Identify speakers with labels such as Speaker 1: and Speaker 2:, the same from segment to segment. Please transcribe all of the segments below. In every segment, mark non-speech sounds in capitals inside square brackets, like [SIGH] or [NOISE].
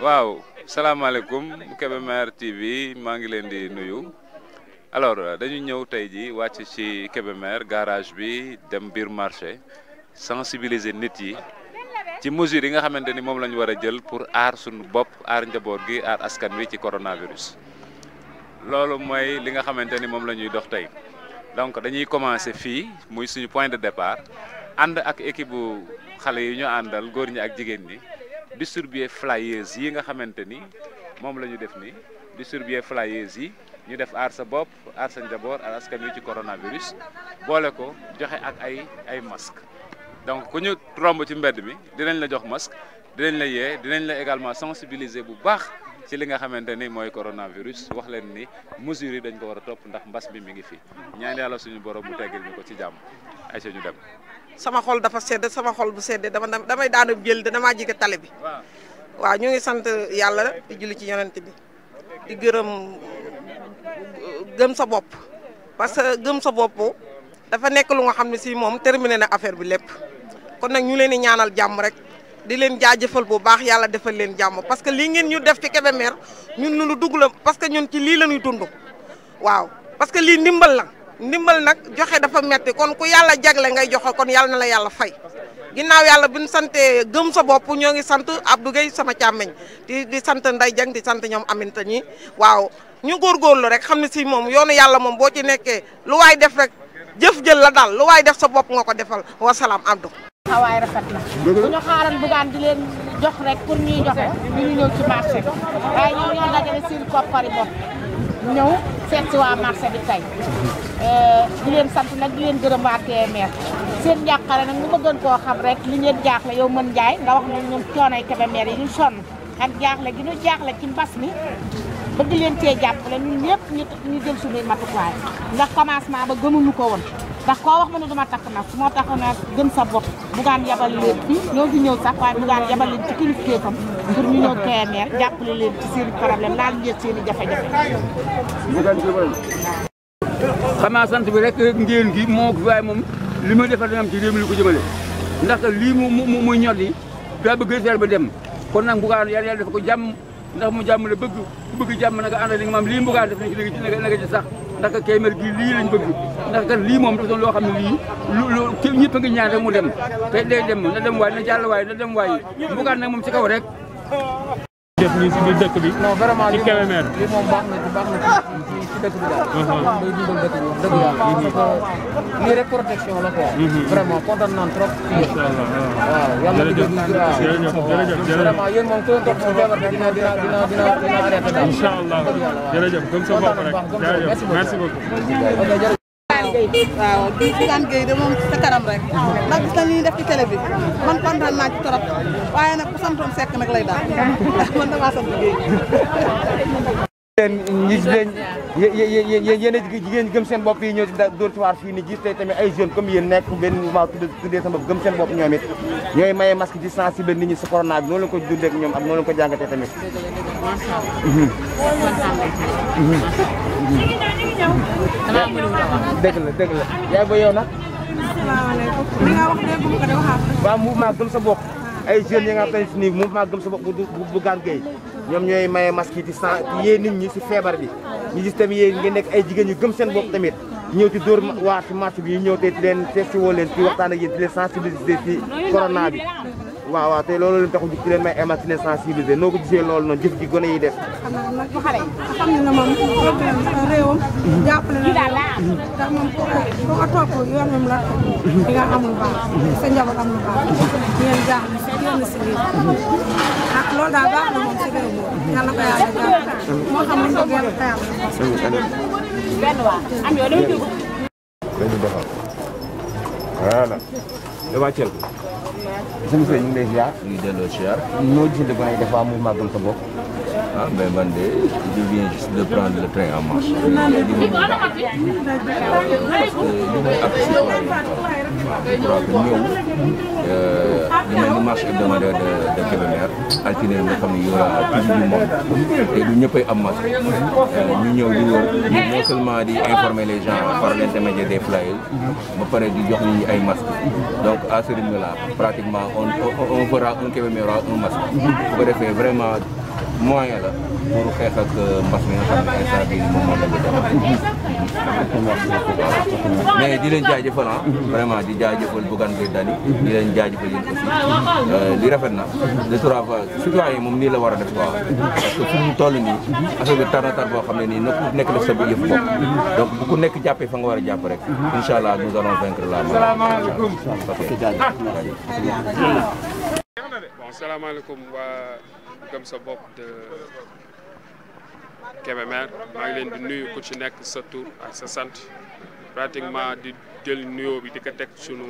Speaker 1: waaw salaamaaleykum Kébémer TV maa ngi leen di nuyu alors dañu ñëw tey ji wàcc ci Kébémer garage bi dem biir marché sensibiliser nit yi ci mesure yi nga xamante ni moom la war a jël pour aar suñu bopp aar njaboot gi aar askan wi ci coronavirus loolu mooy li nga xamante ni moom la ñuy dox tey donc dañuy commencer fii muy suñu point de départ ànd ak équipe bu xale yi ñu àndal góor ñi ak jigéen ñi distribuer flyers yi nga xamante ni moom la ñu def nii distribuer flyers yi ñu def aar sa bopp aar sa njaboot aar askan wi ci coronavirus boole ko joxe ak ay ay masque donc ku ñu tromb ci mbedd mi dinañ la jox masque dinañ la yee dinañ la également sensibiliser bu baax ci li nga xamante ni mooy coronavirus wax leen ni mesures dañ ko war a topp ndax mbas bi mi ngi fi ñaan yàlla suñu borom mu teggil ñu ko ci jàmm ay ñu dem
Speaker 2: sama xol dafa sedd sama xol bu sedd dama damay daanu jël de damaa jige tali bi. waaw ñu ngi sant yàlla di julli ci yonent bi di gërëm gëm sa bopp parce que gëm sa bopp dafa nekk lu nga xam ne si moom terminé na affaire bi lépp kon nag ñu leen di ñaanal jàmm rek. di leen jaajëfal bu baax yàlla defal leen jàmm parce que lii ngeen ñu def ci Kébémer ñu lu dugg la parce que ñun ci lii la ñuy dund waaw parce que lii ndimbal la. ndimbal nag joxe dafa metti kon ku yàlla jagle ngay joxe kon yàlla na la yàlla fay ginnaaw yàlla bi ñu santee gëm sa bopp ñoo ngi sant Abdou Guèye sama càmmeñ di di sant nday Dieng di sant ñoom Aminta ñi waaw ñu góor góorlu rek xam ne si moom yoonu yàlla moom boo ci nekkee lu waay def rek jëf jël la daal lu waaye def sa bopp nga ko defal wasalaam Abdou. xawaay ñu xaaran bugaan di leen jox rek pour ñuy joxe ñu ñu ñëw ci marché bi waaye ñoo ñoo dajale seen koppari bopp ñëw seet waa marché bi tey euh, di leen sant nag di leen gërëm waa TMS seen njàqare nag ñu bëggoon koo xam rek li ngeen jaaxle yow mën njaay nga wax ne ñun coonay Kébémer yi ñu sonn ak jaaxle gi ñu jaaxle ci mbas mi bëgg leen cee jàppale ñun ñëpp ñu jël suñuy matuwaay ndax commencement ba gënuñu ko woon ndax koo wax mënu dama takk nag moo tax nag gën sa bopp bugaan yabal leen fi ñoo fi ñëw sax waaye bugaan yabal leen ci kilifteefam pour ñu ñëw TMR jàppale leen ci seen problème laal ngeen seen i jafe-jafe xanaa sant bi rek ngeen gi moo ko waaye moom li defal dina ci réew ko jëmale mu muy ñor li bëgg seer ba dem kon nag bugaan yàlla yàlla dafa ko jàmm ndax mu jàmm la bëgg ku bëgg jàmm na nga ànd li nga maam def ci nga ci sax ndax Kayemel gi lii lañ bëgg ndax kat lii moom dafa doon loo xam ne lii lu lu ñëpp a ngi ñaan rek mu dem te day dem na dem waay na jàll waay na dem waay bugaan nag moom ci kaw rek
Speaker 3: def nii si biir dëkk bi. non vraiment lii moom baax
Speaker 4: na baax na ci ci dëkk bi daal. Uh-huh. day dundal dëkk
Speaker 3: bi wax dëgg yàlla. parce
Speaker 4: que lii rek protection la quoi.
Speaker 3: Uh-huh. vraiment
Speaker 4: kontaan naan
Speaker 2: trop.
Speaker 3: incha allah uh-huh. waaw yàlla di déglu waaw jërëjëf jërëjëf jërëjëf vraiment
Speaker 2: yéen moom ku leen topp mu feebar rek
Speaker 1: dina dina dina
Speaker 3: dina arrêté daal. incha allah jërëjëf comme sa bopp rek jërëjëf merci beaucoup.
Speaker 2: waaw di Bougane Gueye de moom sa kanam rek ndax gis nañ li ñu def ci télé bi man kontaan naa ci trop waaye nag ku santoon Seck nag lay daal ndax [LAUGHS] man damaa sant Gueye
Speaker 4: seen ñi leen
Speaker 2: yéen a jigéen gëm seen bopp yi ñoo ci dóor ci waar fii ni gis tey tamit ay jeunes comme yéen nekk benn mouvement tuddee sama bopp gëm seen bopp ñoom it ñooy maye masque di sensible nit ñi si corona bi noonu lañ ko dundee ak ñoom ak noonu lañ ko jàngatee tamit dëgg la dëgg la yaay ba yow nag asalaamaaleykum li nga wax dégg mu ko de waxaat waaw mouvement gëm sa bopp ay jeunes yi nga xam ne nii mouvement gëm sa bopp bu bu gaan gay ñoom ñooy maye masque yi di sant nit ñi si feebar bi ñu gis tamit yéen ngeen nekk ay jigéen yu gëm seen bopp tamit ñëw ci dóor waar ci marché bi ñu ñëw tey di leen testé woo leen ci waxtaan ak yéen di leen sensibiliser ci corona bi waaw waaw te loolu leen taxu jug ci leen may émanciné sensibiliser noo ko
Speaker 4: gisee loolu noonu jëf ji gone yi def
Speaker 1: xam naa nag bu xale yi xam ne na moom problème réewam
Speaker 2: jàppale na réewam ndax moom boo ko topp yoonam la di nga amul baax sa njaboot amul baax ñeen jaaxle si génn si lii ak ah, loolu daal baax na moom si réew moom yàlla ko yàlla jàppale moo xam ne ko yàlla ko yàlla benn waa am yow dama jóg
Speaker 4: dañu doxal voilà da wàcceel sëñ Seye ñu ngi lay ziar. ñu ngi delloo ziar. noo gisee li may def waa muy màggal sa bopp. ah mais man de je viens juste de prendre le train en marche. li marche hebdomadaire de de Kébémer altine nga xam ne yow du ñëppay am marche ñu ñëw di wër seulement di informer les gens par l'intermédiaire des flyers ba pare di jox nit ay masques donc à ce pratiquement on on fera un Kébémer un masque. bu ko vraiment. moyen la pour xeex ak euh, mbas mi nga xam ne instant bii moom moo nekk jamono. mais di leen jaajëfal ah. vraiment di jaajëfal Bougane Gueye Dany. di leen jaajëfal yéen aussi. Euh, li rafet na. le travail citoyen moom nii la war a def waaw. parce que fu mu toll nii. affaire bi tar na boo xam ne nii na nekk def sa yëf bopp. donc bu nekk jàppee fa nga war a jàpp rek. incha allah nous allons vaincre la maladie. salaamaaleykum.
Speaker 3: ok jaajëf. salaamaaleykum waa gëm sa bopp de Kébémer maa ngi leen di nuyu ku ci nekk sa tur ak sa sant pratiquement di jël nuyoo bi di ka teg sunu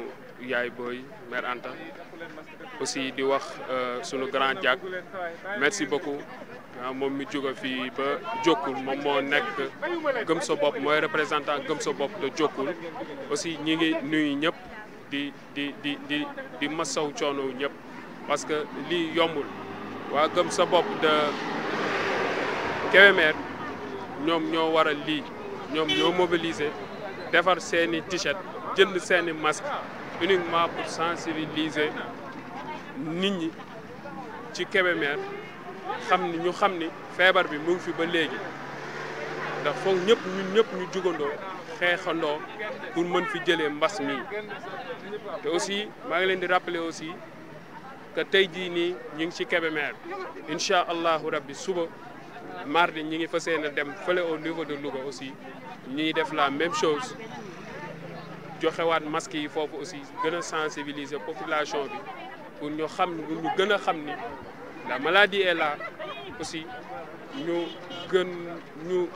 Speaker 3: yaay booy mère Anta aussi di wax euh, sunu grand jaag merci beaucoup waaw ah, moom mi jóge fii ba jokkul moom moo nekk gëm sa bopp mooy représentant gëm sa bopp de jokkul aussi ñi ngi nuyu ñëpp di di di di di masaw coono ñëpp. parce que ce yombul wa gëm sa bop de ñom ñoo waral li ñom ñoo mobiliser ont des t shirts jënd masques, masque uniquement pour sensibiliser nit ñi ci ni ñu ni bi mu ngi fi ba léegi ndax foog ñëpp ñun ñëpp ñu pour mën fi aussi maa rappeler aussi que tey jii nii ñu ngi ci Kébémer incha allahu rabbi suba mardi ñi ngi fas yéene dem fële au niveau de Louga aussi ñuy def la même chose joxewaat masque yi foofu aussi gën a sensibiliser population bi pour ñu xam gën a xam ni la maladie est là aussi ñu gën ñu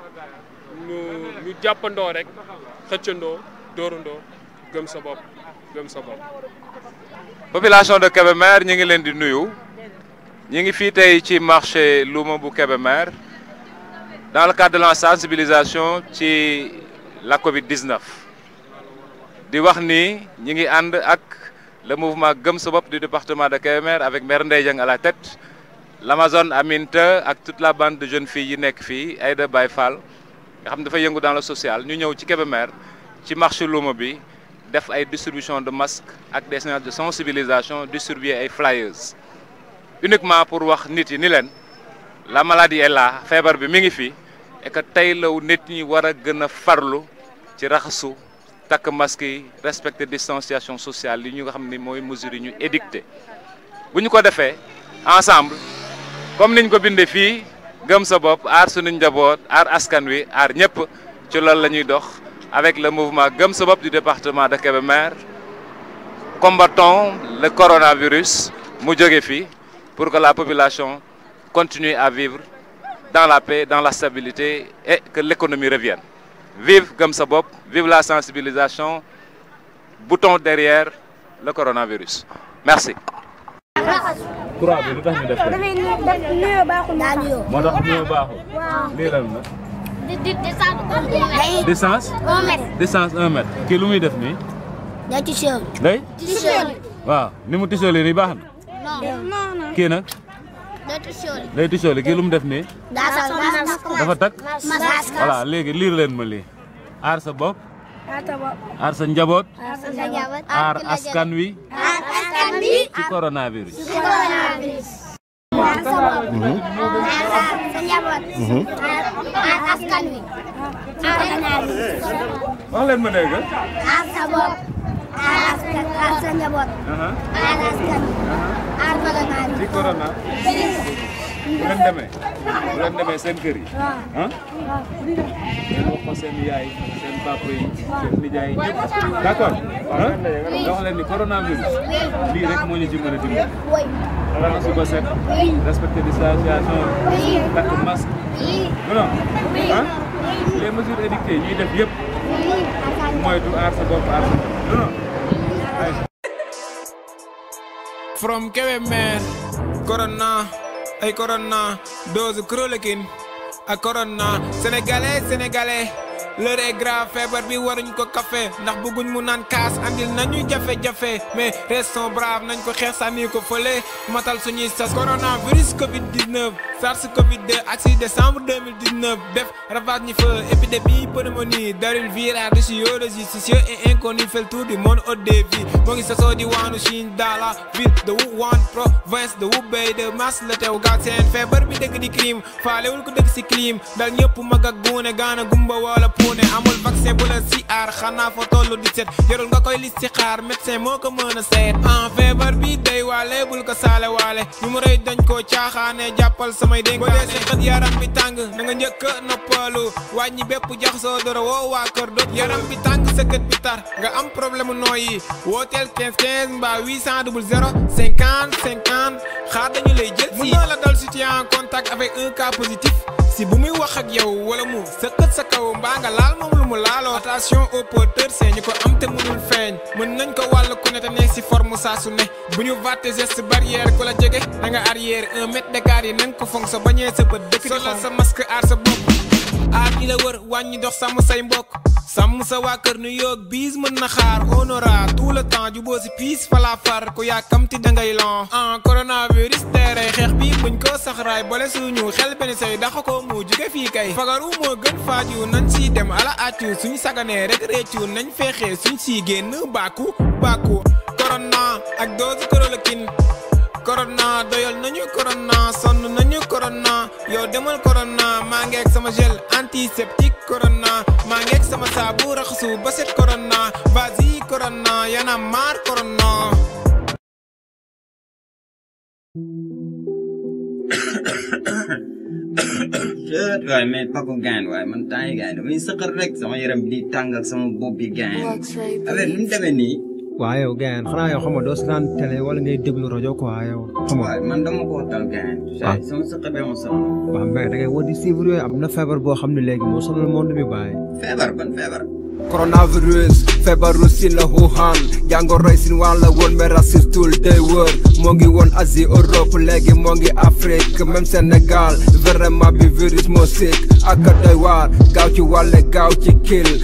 Speaker 3: ñu jàppandoo rek xëccandoo dóorandoo gëm sa bopp gëm sa bopp
Speaker 1: population de Kébémer nous sommes là, nous sommes ñu ngi fii ci marché luuma bu dans le cadre de la sensibilisation ci la Covid 19 Nous sommes ni avec le mouvement Gëm du département de Kébémer avec Mère Ndeye à la tête l'Amazon Aminte avec toute la bande de jeunes filles yi nekk ici, Aïda Baye Fall nga dans le social ñu ñëw ci Kébémer le marché de bi def ay distribution de masques ak des de sensibilisation distribuer ay flyers uniquement pour wax nit la maladie est là fièvre bi mi fi et que tay law nit ñi wara gëna farlu ci masque respecter distanciation sociale nous ñu xamni ni ñu édicté buñ ko ensemble comme niñ ko bindé fi gëm sa askan wi ci avec le mouvement Gumsobop du département de Kébémer combattons le coronavirus pour que la population continue à vivre dans la paix dans la stabilité et que l'économie revienne vive Gumsobop, vive la sensibilisation boutons derrière le coronavirus merci. di di distance. kii lu muy def nii. day waaw ni mu tiseel nii baax na. kii nag. day tiseel. day kii lu mu def nii.
Speaker 2: dafa takk. voilà léegi
Speaker 1: liir leen ma lii. aar sa bopp.
Speaker 2: aar sa njaboot. aar askan wi.
Speaker 1: aar askan
Speaker 2: wi. wax
Speaker 1: leen ma dégg aar
Speaker 2: sa bopp aar sa njaboot
Speaker 1: aar askan
Speaker 2: aar corona bi ci corona bu
Speaker 1: leen demee bu leen demee seen kër yi
Speaker 3: ah ngeen
Speaker 1: wax ko seen yaay seen papa yi seen nijaay yi ñëpp d' accord ah
Speaker 2: wax
Speaker 1: leen ni raxas su ba set respecter distanciation takk masque non ah les mesures édictées ñuy def yëpp mooy du aar bopp aar sa bopp non
Speaker 2: from Kébémer corona ay corona dose chloroquine ak corona sénégalais sénégalais Le est grave feebar bi waruñ ko café ndax buguñ mu nan kaas andil nañu jafé jafé mais restons braves nañ ko xeex sànni ko feulé matal suñuy sas coronavirus covid 19 sars covid 2 axi décembre 2019 def ravage ñi fa épidémie pneumonie daril virus risiologie sociaux et inconnu fait le tour du monde au défi mo ngi sasoo di waanu Chine dans la ville de Wuhan province de Hubei de mars la teew gaal seen feebar bi dëgg di crime faalewul ko dëgg ci crime dal ñëpp mag ak gune, gana gumba wala mu ne amul vaccin bu la si aar xanaa fa tollu di set yorul nga koy listixaar médecin moo ko mën a seet en feebar bi day waale bul ko saale waale ñu mu dañ koo caaxaane jàppal samay dénkaane boo yaram bi tàng na nga njëkk a noppalu wàññi bépp jaxasoo doro woo kër dot yaram bi tàng sa gët bi tar nga am problème mu nooyi wooteel 15 15 mbaa 800 00 50 50 xaar dañu lay jël si mën na la dal si contact avec un cas positif si bu muy wax ak yow wala mu sëqët sa kaw mbaa nga laal moom lu mu laaloo attention au porteur see ñu ko am te mënul feeñ mën nañ ko wàll ku ne te ne si forme saa su ne bu ñu vàtte geste barrière ku la jege da nga arrière un yi nañ ko fonk sa bañee sa bët dëkk solal sa masque aar sa bopp aar ñi wàññi dox sàmm say mbokk sàmm sa waa kër New York bis mën na xaar honora tout le temps ju boo si piis fala far ku yàkkamti dangay lon en ah, coronavirus teere xeex bi buñ ko saxraay boole suñu xel benn say daxa ko mu jóge fii kay fagaru moo gën faaju nañ si dem ala accu suñ saganee rek réccu nañ feexee suñ si génn bàkku bàkku corona ak dose chloroquine corona doyal nañu corona sonn nañu corona yow demal corona maa ngeeg sama gel antiseptique corona
Speaker 4: waaye mais Paco Gagne waaye man temps yi damay sëqal rek sama yaram bi di tàngal sama bopp bi Gagne affaire bi mu demee nii. waaw yow Gagne xanaa yow xam doo si daan télé wala ngay déglu rajo quoi yow. xam man dama ko tal Gagne. Ah. sama sëqal bee ma sonal. waaw mais da di suivre yooyu am na feebar boo xam ne léegi moo sonal monde bi bàyyi. feebar ban feebar. Coronavirus, February Russie la Wuhan jàngoro racine waan la one mais racisme tout day wër moo ngi Europe Legi, Mongi Africa, Afrique Sénégal vraiment bi virus moo sikk ak doy waar gaaw ci wàlle gaaw ci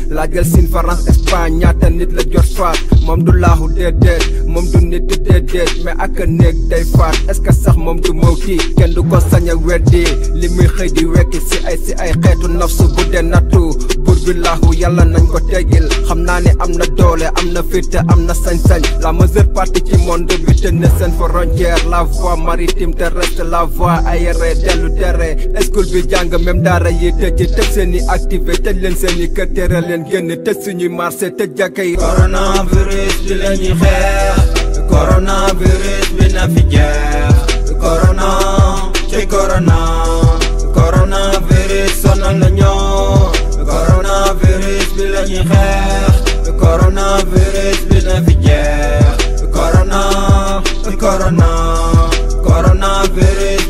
Speaker 4: la laajal siin France Espagne ñaata nit la jot faat moom du laaxu déedéet moom du nit déedéet mais ak néeg day faat est-ce que sax moom du kii kenn du ko sañ a weddi li muy xëy di wekki si ay si ay xeetu nafsu bu dee nattu buur bi laaxu yàlla nañ ko tegil xam naa ni am na doole am na fitte am na sañ-sañ la majeure partie ci monde bi te ne frontière la voie maritime terrestre la voie aérienne dellu terre école bi jàng même seeni tëj tëj seeni activé tëj leen seeni kër tere leen génn tëj coronavirus bi la ñuy xeex coronavirus bi na corona corona coronavirus bi la ñuy xeex coronavirus bi na corona corona coronavirus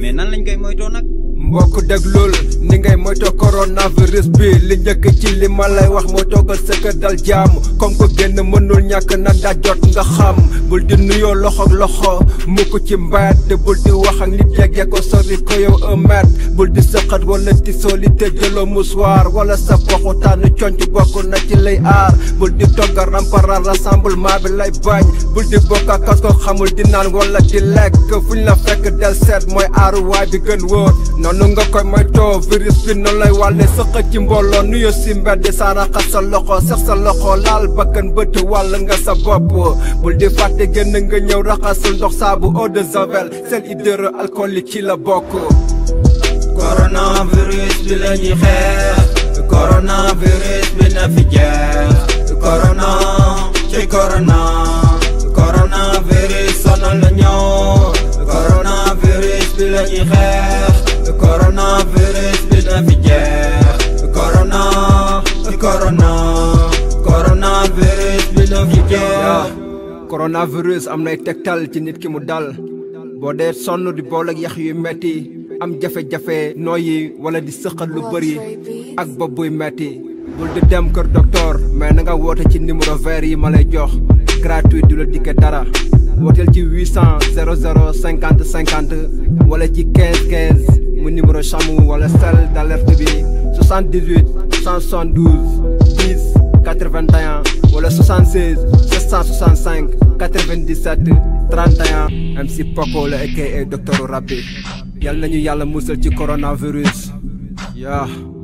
Speaker 4: bi na mbokk déglul ni ngay moytoo coronavirus bi li njëkk ci li ma lay wax moo toogal a kër dal jàmm comme ko génn mënul ñàkk nag daa nga xam bul di nuyoo loxo loxo mukk ci mbaat bul di wax ak nit ko sori ko yow un bul di sëqat wala ti soli te jëloo musuwaar sa poxutaan conc bokk na ci lay aar bul di togga ramparal rassemblement bi lay bañ bul di bokk ak kas ko xamul di naan wala di lekk fuñ la fekk del seet mooy aaruwaay bi gën wóor noonu nga koy moytoo virus bi noonu lay wàlle sëqa ci mbooloo nuyoo sa raxas sa loxo sex sa loxo laal bakkan bët wàll nga sa bopp bul di fàtte génn nga ñëw raxasul ndox saabu eau de javel sel hydroalcoolique ci la bokk coronavirus bi la ñuy xeex coronavirus bi na fi jeex corona ci corona coronavirus coronavirus am nay tegtal ci nit ki mu dal boo dee sonn di bool ak yax yu metti am jafe-jafe nooyi wala di sëqal lu bëri ak bopp buy metti bul di dem kër docteur mais na nga woote ci numéro vert yi ma lay jox gratuit du la dikke dara wooteel ci 800 00 50 50 wala ci 15 mu numéro chamu wala celle d'alerte bi 78 765 97 31 MC Paco la aka docteur Rabi na ñu yàlla musal ci coronavirus yaa